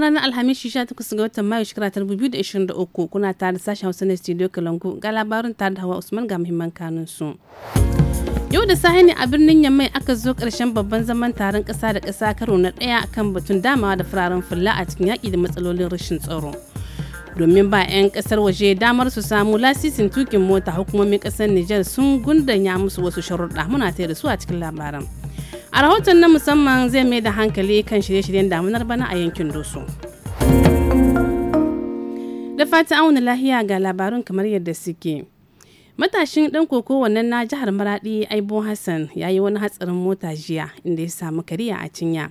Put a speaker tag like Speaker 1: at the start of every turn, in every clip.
Speaker 1: ranar Alhamis 18 ga watan Mayu shekara ta 2023 kuna tare da sashen Hausa na Studio Kalangu ga labarin tare da Hawa Usman ga muhimman kanun su. Yau da sahi ne a birnin Yammai aka zo karshen babban zaman taron kasa da kasa karo na ɗaya kan batun damawa da fararen fulla a cikin yaƙi da matsalolin rashin tsaro. domin ba 'yan kasar waje damar su samu lasisin tukin mota hukumomin kasar Nijar sun gundanya musu wasu sharuɗa muna tare da su a cikin labaran. a rahoton na musamman zai mai da hankali kan shirye-shiryen damunar bana a yankin doso da fata auna lahiya ga labarun kamar yadda suke matashin ɗan koko wannan na jihar maradi aibo hassan ya yi wani hatsarin mota jiya inda ya samu kariya a cinya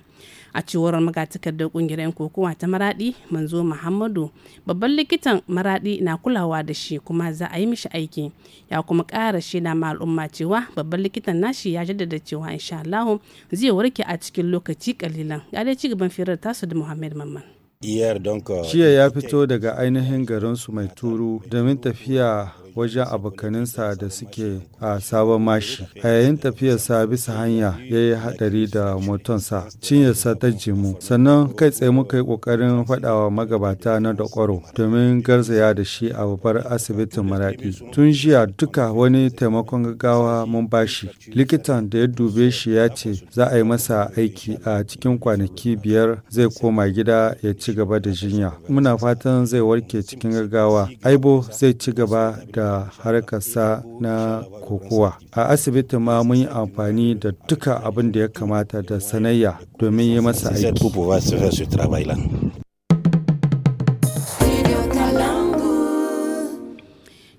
Speaker 1: a cewar magatakardar kungiyar 'yan kokowa ta maradi manzo muhammadu babban likitan maradi na kulawa da shi kuma za a yi mishi aiki ya kuma kara shaida ma al'umma cewa babban likitan nashi ya jaddada cewa insha allahu zai warke a cikin lokaci kalilan ya dai ci gaban firar tasu da muhammad mamman
Speaker 2: Jiya ya
Speaker 3: fito daga ainihin garinsu mai turu domin tafiya wajen abokaninsa da suke a sabon mashi. A yayin tafiyarsa bisa hanya ya yi haɗari da motonsa, cinyarsa ta jimu. Sannan kai tsaye muka yi ƙoƙarin faɗawa magabata na da ƙwaro domin garzaya da shi a babbar asibitin maraɗi. Tun jiya duka wani taimakon gaggawa mun bashi. Likitan da ya dube shi ya ce za a yi masa aiki a cikin kwanaki biyar zai koma gida ya ci gaba da jinya. Muna fatan zai warke cikin gaggawa. Aibo zai ci gaba da harkarsa na kokowa. A asibiti ma mun yi amfani da duka abin da ya kamata da sanayya domin yi masa aiki.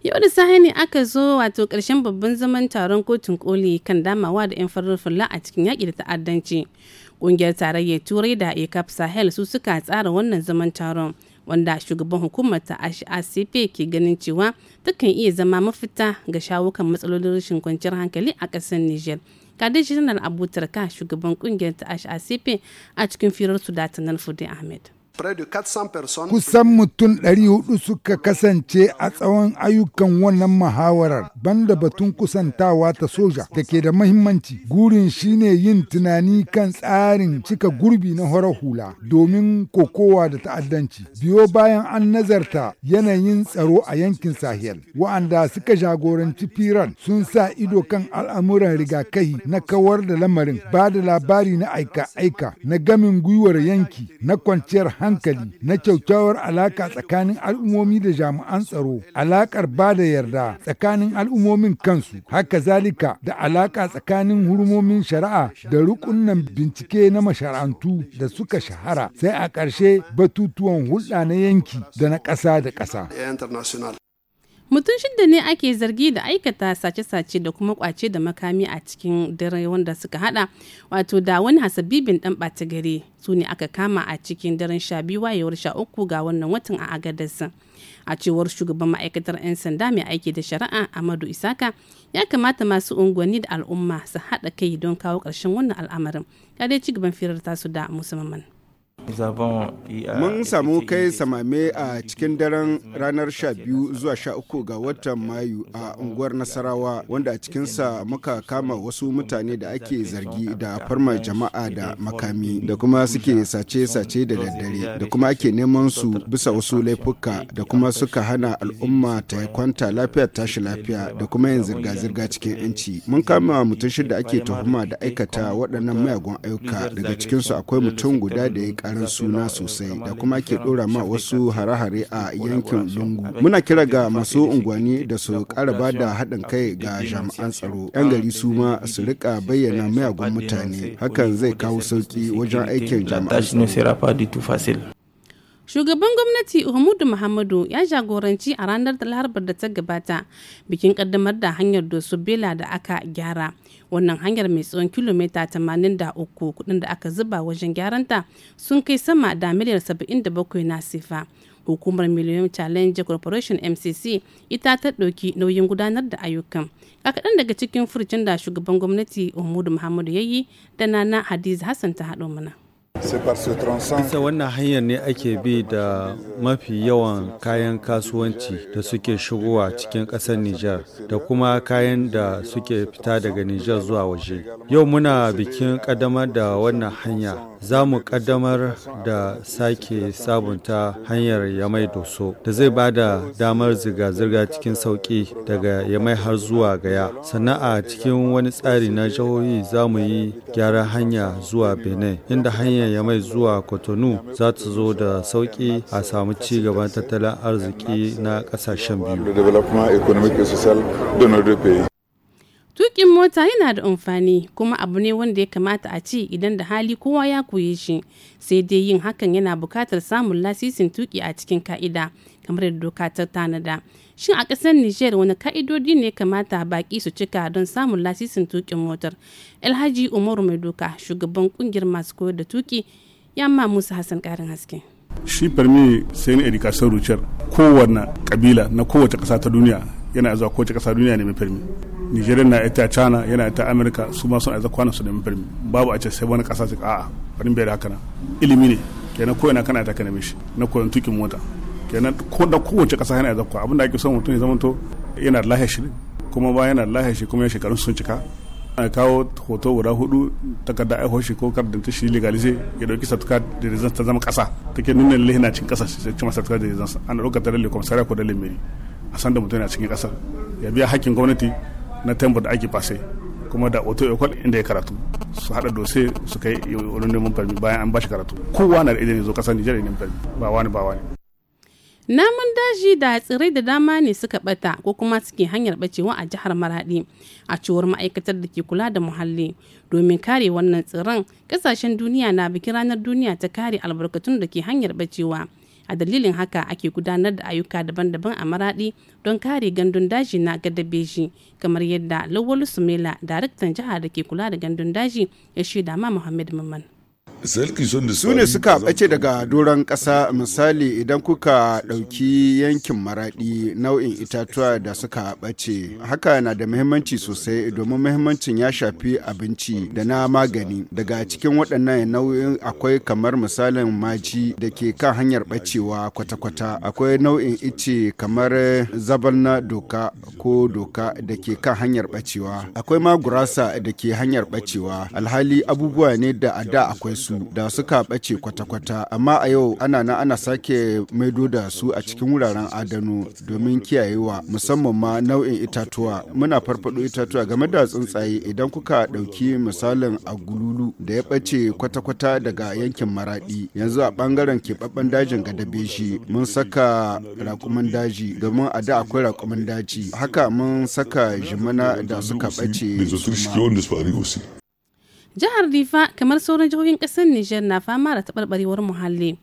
Speaker 1: yau da sahi ne aka zo wato karshen babban zaman taron kotun koli kan damawa da 'yan farar fulla a cikin yaƙi da ta'addanci ƙungiyar tarayyar turai da ecap sahel su suka tsara wannan zaman taron wanda shugaban hukumar ta acp ke ganin cewa takan iya zama mafita ga shawukan matsalolin rashin kwanciyar hankali a ƙasar niger kadai janar abu ka shugaban kungiyar ta acp a cikin firar su da tanar ahmed Kusan
Speaker 4: mutum 400 suka kasance a tsawon ayyukan wannan muhawarar banda batun kusantawa ta soja da ke da mahimmanci. Gurin shine yin tunani kan tsarin cika gurbi na horar hula domin kokowa da ta'addanci. Biyo bayan an nazarta yanayin tsaro a yankin Sahel, wa'anda suka jagoranci firan sun sa ido kan al'amuran rigakahi na kawar da lamarin, ba da labari na aika-aika, na gamin gwiwar yanki, na kwanciyar hankali. hankali na kyaukyawar alaƙa tsakanin al'ummomi da jami'an tsaro, alaƙar ba da yarda tsakanin al'ummomin kansu, haka zalika da alaƙa tsakanin hurmomin shari'a da rukunan bincike na mashara'antu da suka shahara sai a ƙarshe batutuwan hulɗa na yanki da na ƙasa da ƙasa.
Speaker 1: mutum shida ne ake zargi da aikata sace-sace da kuma kwace da makami a cikin dare wanda suka hada wato da wani hasabibin dan ɓata gari su ne aka kama a cikin daren sha biyu wayewar sha uku ga wannan watan a agadarsa a cewar shugaban ma'aikatar 'yan sanda mai aiki da shari'a amadu isaka ya kamata masu unguwanni da al'umma su haɗa kai don kawo ƙarshen wannan al'amarin ya dai ci gaban firar tasu da musamman
Speaker 2: Mun samu kai samame a cikin daren ranar 12 zuwa 13 ga watan Mayu a unguwar Nasarawa wanda a cikinsa muka kama wasu mutane da ake zargi da farma jama'a da makami da kuma suke sace-sace da daddare da kuma ake neman su bisa wasu laifuka da kuma suka hana al'umma ta kwanta lafiya tashi lafiya da kuma yin zirga-zirga cikin inci Mun kama mutum shida ake tuhuma da aikata waɗannan mayagun ayyuka daga cikinsu akwai mutum guda da ya karan suna eh, sosai da kuma ke dora ma wasu hare-hare a yankin lungu muna kira ga masu unguwanni da su kara ba da haɗin kai ga jami'an tsaro yan gari su ma su rika bayyana miyagun mutane hakan zai kawo sauki wajen aikin jami'an tsaro
Speaker 1: Shugaban gwamnati Uhumudu Muhammadu ya jagoranci a ranar Talaharbar da ta gabata bikin kaddamar da hanyar dosu Bela da aka gyara. Wannan hanyar mai tsawon kilomita 83 kudin da aka zuba wajen gyaranta sun kai sama da miliyar 77 na sifa. Hukumar million Challenge Corporation MCC ita ta ɗauki nauyin gudanar da ayyukan. kakaɗan daga cikin furcin da shugaban gwamnati Uhumudu Muhammadu ya yi da Nana Hadiza Hassan ta haɗo mana.
Speaker 3: Bisa wannan hanyar ne ake bi da mafi yawan kayan kasuwanci da suke shigowa cikin ƙasar Nijar da kuma kayan da suke fita daga Nijar zuwa waje. Yau muna bikin ƙaddamar da wannan hanya za mu kaddamar da sake sabunta hanyar yamai doso da zai ba da damar zirga-zirga cikin sauki daga yamai har zuwa gaya sannan a cikin wani tsari na jihohi za mu yi gyara hanya zuwa benin inda hanyar yamai zuwa kotonu za ta zo da sauki a samu ci gaban tattalin arziki na kasashen biyu
Speaker 1: tukin mota yana da amfani kuma abu ne wanda ya kamata a ci idan da hali kowa ya koye shi sai dai yin hakan yana bukatar samun lasisin tuki a cikin ka'ida kamar yadda doka ta tanada shin a ƙasar niger wani ka'idodi ne kamata baƙi su cika don samun lasisin tukin motar alhaji umaru mai doka shugaban kungiyar masu koyar da tuki yamma musa hassan ƙarin haske
Speaker 2: shi farmi sai na education rucer kowane kabila na kowace ƙasa ta duniya yana zuwa kowace ƙasa duniya ne mai farmi nigeria na ita china yana ita america su ma sun aiza kwanan su da firmi babu a ce sai wani kasa su a'a farin bai da haka nan ilimi ne kenan ko yana kana ta kana mishi na koyon tukin mota kenan ko da kowace kasa yana aiza kwa abinda ake son mutum ya zamanto yana da lahiyar shi kuma ba yana da lahiyar shi kuma ya shekarun sun cika a kawo hoto guda hudu takarda aiho shi ko kardin ta shi legalize ya dauki satuka da rizan ta zama kasa take nuna lalle na cikin kasa sai ci satuka da rizan ana dauka ta lalle komisariya ko da limiri a san da mutum yana cikin kasar ya biya hakkin gwamnati na tembo da ake fase kuma da auto ekol inda ya karatu su hada dose su kai wani neman farmi bayan an bashi karatu kowa na da idan zo kasar Nijar neman farmi ba wani ba wani
Speaker 1: Namun daji da tsirai da dama ne suka bata ko kuma suke hanyar bacewa a jihar Maradi a cewar ma'aikatar da ke kula da muhalli domin kare wannan tsiran kasashen duniya na bikin ranar duniya ta kare albarkatun da ke hanyar bacewa a dalilin haka ake gudanar da ayyuka daban-daban a maradi don kare gandun daji na gada beji kamar yadda lawal sumela daraktan jihar da ke kula da gandun daji ya shaida ma muhammad mamman
Speaker 2: su ne suka bace daga doron ƙasa misali idan kuka ɗauki yankin maraɗi nau'in itatuwa da suka bace. haka na da muhimmanci sosai domin muhimmancin ya shafi abinci da na magani daga cikin waɗannan nau'in akwai kamar misalin maji da ke kan hanyar bacewa kwata-kwata akwai nau'in ice kamar zabal doka ko doka da ke kan hanyar ɓacewa akwai ma gurasa da ke hanyar bacewa. alhali abubuwa ne da a da akwai su su da suka ɓace kwata-kwata amma a yau ana nan ana sake maido da su a cikin wuraren adano domin kiyayewa musamman ma nau'in itatuwa muna farfado itatuwa game da tsuntsaye idan kuka ɗauki misalin agululu da ya bace kwata-kwata daga yankin maraɗi yanzu a ɓangaren keɓaɓɓen dajin ga shi mun saka raƙumin daji domin a da akwai raƙumin daji haka mun saka jimana da suka ɓace
Speaker 1: jihar rifa kamar sauran jihohin kasar niger na fama da taɓarɓarewar muhalli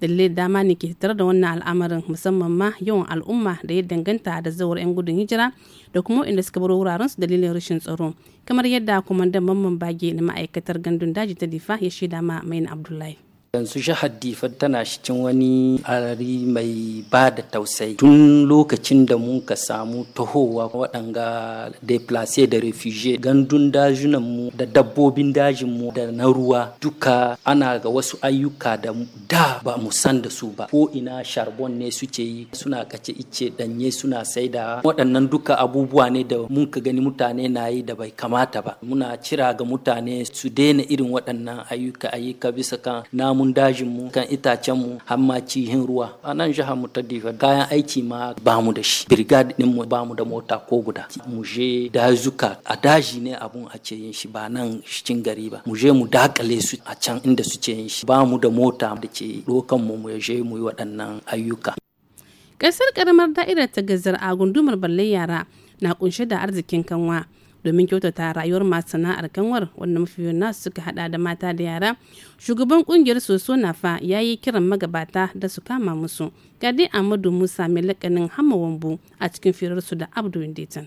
Speaker 1: dalilai dama ne ke tattare da wannan al'amarin musamman ma yawan al'umma da ya danganta da zawar 'yan gudun hijira da kuma inda suka bar wuraren su dalilin rashin tsaro kamar yadda da mamman bage na ma'aikatar gandun daji ta difa ya shaida ma main abdullahi
Speaker 5: yanzu jihar difa tana cikin wani arari mai ba da tausayi tun lokacin da mun ka samu tahowa waɗanga deplace da refugee gandun dajunanmu da dabbobin dajinmu da na ruwa duka ana ga wasu ayyuka da da ba mu san da su ba ko ina sharbon ne suke yi suna kace ice danye suna saida waɗannan duka abubuwa ne da mun ka gani mutane na yi da bai kamata ba muna cira ga mutane su daina irin waɗannan ayyuka ayyuka bisa kan namu mun dajin mu kan itacen mu har ma cihin ruwa a nan jihar mu ta difa kayan aiki ma ba mu da shi brigade din mu ba mu da mota ko guda mu je dazuka a daji ne abun ce yin shi ba nan cikin gari ba mu je mu dakale su a can inda su ce yin shi ba mu da mota da ke dokan mu mu je mu yi waɗannan ayyuka
Speaker 1: ƙasar ƙaramar da'irar ta gazar a gundumar balle yara na kunshe da arzikin kanwa domin kyautata rayuwar masu sana'ar kanwar wanda mafi nasu suka hada da mata da yara shugaban kungiyar soso fa ya yi kiran magabata da su kama musu ga dai amadu musa mai lakanin hama a cikin firarsu da abdu winditan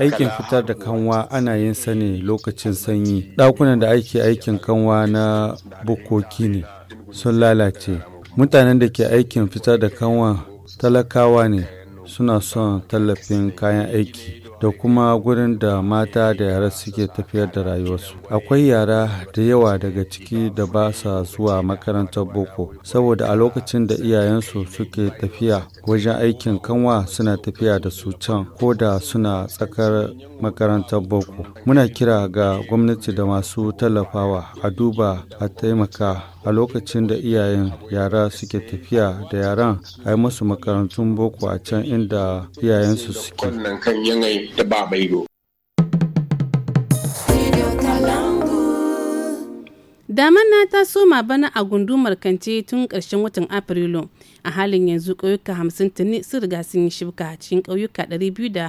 Speaker 2: aikin
Speaker 3: fitar da kanwa ana yin sani lokacin sanyi ɗakunan da ake aikin kanwa na bukoki ne sun lalace mutanen da ke aikin fitar da kanwa talakawa ne suna son tallafin kayan aiki da kuma gurin da mata da yara suke tafiyar da rayuwarsu akwai yara da yawa daga ciki da ba sa zuwa makarantar boko saboda a lokacin da iyayensu suke tafiya wajen aikin kanwa suna tafiya da su can ko da suna tsakar makarantar boko muna kira ga gwamnati da masu tallafawa a duba a taimaka a lokacin da iyayen yara suke tafiya da yaran a yi masu makarantun boko a can inda iyayensu suke.
Speaker 1: daman na ta soma bana a gundumar kance tun ƙarshen watan afrilu a halin yanzu ƙauyuka hamsin tuni sun riga sun yi shibka cikin ƙauyuka biyu da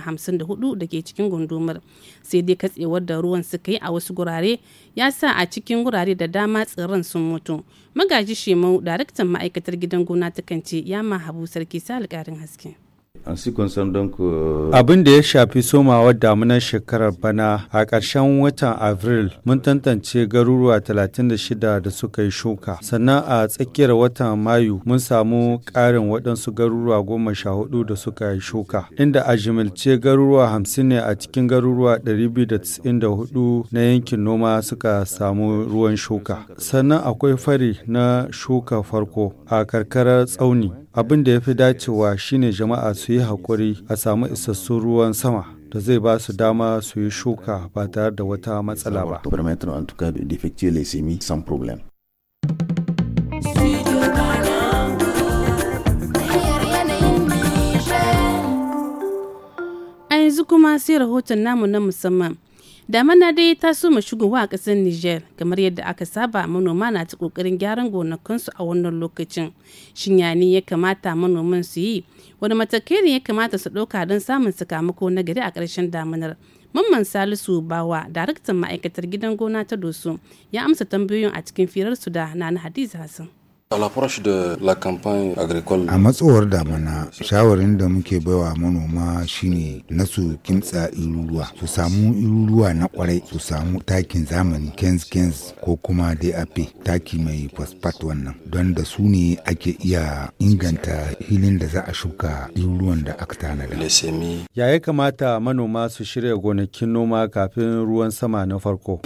Speaker 1: ke cikin gundumar sai dai katsewar da ruwan suka yi a wasu gurare ya sa a cikin gurare da dama tsirran sun mutu magaji shemau daraktan ma'aikatar gidan gona ta kance ya ma habu sarki sa alƙarin haske
Speaker 3: Uh, Abin da ya shafi somawar damunar shekarar bana a ƙarshen watan Avril mun tantance garuruwa 36 da suka yi shuka. Sannan a tsakiyar watan Mayu mun samu ƙarin waɗansu garuruwa goma sha hudu da suka yi shuka. Inda a jimilce garuruwa hamsin ne a cikin garuruwa 294 na yankin noma suka samu ruwan shuka. Sannan akwai fari na shuka farko a karkarar tsauni. abin da ya fi dacewa shine jama'a su yi haƙuri a samu isassun ruwan sama da zai ba su dama su yi shuka ba tare da wata matsala ba.
Speaker 1: A yanzu kuma sai rahoton namu na musamman. damana dai ta soma shigowa a ƙasar niger kamar yadda aka saba manoma na ta ƙoƙarin gyaran gonakinsu a wannan lokacin shinya ne ya kamata manoman su yi wani matakai ne ya kamata su ɗauka don samun sakamako na gari a ƙarshen damanar mamman salisu bawa daraktan ma'aikatar gidan gona ta doso ya amsa tambayoyin a cikin firar su da nana hadiza hassan
Speaker 3: A
Speaker 4: matsowar damana, shawarin da muke baiwa manoma shine na su kimtsa iruruwa, su samu iruruwa na kwarai, su samu takin zamani kens kens ko kuma DAP, taki mai fosfat wannan, don da su ne ake iya inganta hilin da za a shuka iruruwan da aka tanada.
Speaker 3: Ya yi kamata manoma su shirya gonakin noma kafin ruwan sama na farko?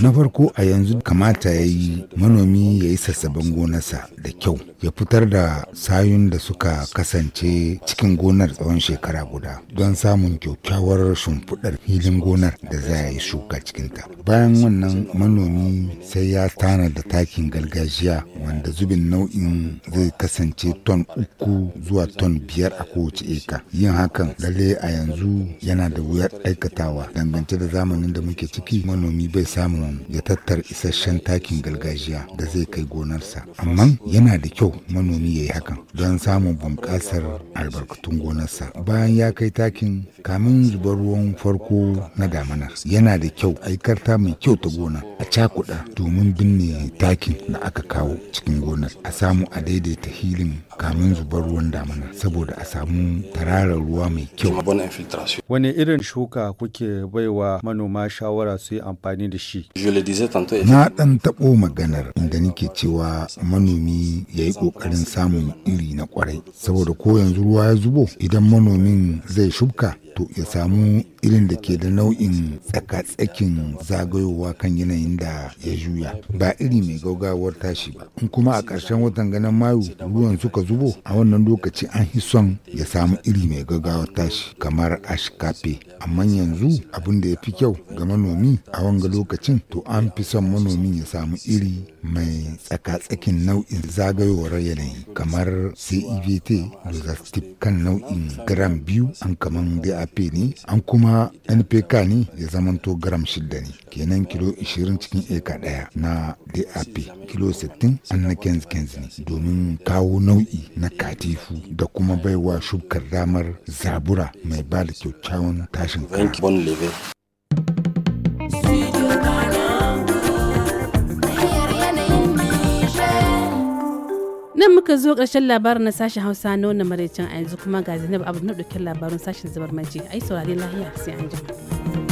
Speaker 3: Na
Speaker 4: farko a yanzu kamata ya yi manomi ya yi sassaben gona gonarsa da kyau ya fitar da sayun da suka kasance cikin gonar tsawon shekara guda don samun kyakkyawar shimfiɗar filin gonar da za a yi shuka cikinta bayan wannan manomi sai ya tana da takin gargajiya wanda zubin nau'in zai kasance ton uku zuwa ton biyar a kowace eka yin hakan lalle a yanzu yana da wuyar aikatawa dangance da zamanin da muke ciki manomi bai samun ya tattar isasshen takin gargajiya da zai kai gonarsa amma yana da kyau manomi ya yi hakan don samun bunƙasar albarkatun gonarsa bayan ya kai takin kamin zubar ruwan farko na damina, yana da kyau aikarta mai kyau ta gona a cakuɗa domin binne takin da aka kawo cikin gonar a samu a daidaita hilin kamin zubar ruwan damana saboda a samu tararar ruwa mai kyau
Speaker 3: wani irin shuka kuke baiwa manoma shawara su yi amfani da shi na
Speaker 4: ɗan taɓo maganar inda nake cewa manomi ya yi ƙoƙarin samun iri na kwarai saboda ko yanzu ruwa ya zubo idan manomin zai shubka to ya samu irin da ke da nau'in tsakatsakin zagayowa kan yanayin da ya juya ba iri mai gaugawar tashi ba in kuma a ƙarshen watan ganin mayu ruwan suka zubo a wannan lokaci an yi son ya samu iri mai gaugawar tashi kamar ashkafe amma yanzu abin da ya fi kyau ga manomi a wanga lokacin to an fi son manomin ya samu iri mai tsakatsakin nau'in zagayowar yanayi kamar cevt da kan nau'in gram biyu an kaman da ap ne an kuma npk ne ya zamanto gram shida ne kenan kilo 20 cikin eka daya na dap kilo 60 an na kenz ne domin kawo nau'i na katifu da kuma baiwa shukar damar zabura mai ba da kyakkyawan tashin
Speaker 1: muka zo ƙarshen labarin na sashen hausa na maraicin a yanzu kuma ga zainab abu na ɗauke labarin sashen zubar maji ai saurari lahiya sai an jima.